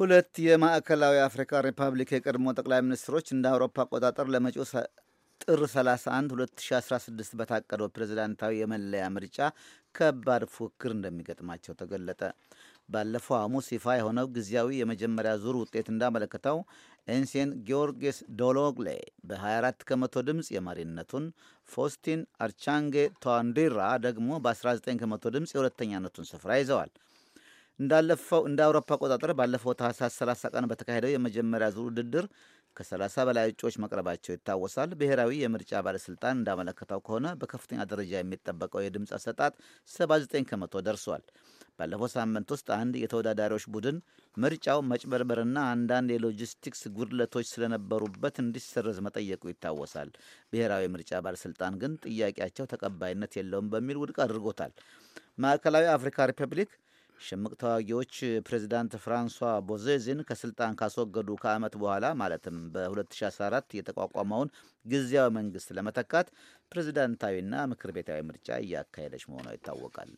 ሁለት የማዕከላዊ አፍሪካ ሪፐብሊክ የቀድሞ ጠቅላይ ሚኒስትሮች እንደ አውሮፓ አቆጣጠር ለመጪው ጥር 31 2016 በታቀደው ፕሬዝዳንታዊ የመለያ ምርጫ ከባድ ፉክክር እንደሚገጥማቸው ተገለጠ። ባለፈው ሐሙስ ይፋ የሆነው ጊዜያዊ የመጀመሪያ ዙር ውጤት እንዳመለከተው ኤንሴን ጊዮርጌስ ዶሎግሌ በ24 ከመቶ ድምፅ የመሪነቱን፣ ፎስቲን አርቻንጌ ቷንዲራ ደግሞ በ19 ከመቶ ድምፅ የሁለተኛነቱን ስፍራ ይዘዋል። እንዳለፈው እንደ አውሮፓ አቆጣጠር ባለፈው ታህሳስ 30 ቀን በተካሄደው የመጀመሪያ ዙር ውድድር ከ30 በላይ እጩዎች መቅረባቸው ይታወሳል። ብሔራዊ የምርጫ ባለስልጣን እንዳመለከተው ከሆነ በከፍተኛ ደረጃ የሚጠበቀው የድምፅ አሰጣጥ 79 ከመቶ ደርሷል። ባለፈው ሳምንት ውስጥ አንድ የተወዳዳሪዎች ቡድን ምርጫው መጭበርበርና አንዳንድ የሎጂስቲክስ ጉድለቶች ስለነበሩበት እንዲሰረዝ መጠየቁ ይታወሳል። ብሔራዊ የምርጫ ባለስልጣን ግን ጥያቄያቸው ተቀባይነት የለውም በሚል ውድቅ አድርጎታል። ማዕከላዊ አፍሪካ ሪፐብሊክ ሽምቅ ተዋጊዎች ፕሬዚዳንት ፍራንሷ ቦዜዝን ከስልጣን ካስወገዱ ከዓመት በኋላ ማለትም በ2014 የተቋቋመውን ጊዜያዊ መንግስት ለመተካት ፕሬዚዳንታዊና ምክር ቤታዊ ምርጫ እያካሄደች መሆኗ ይታወቃል።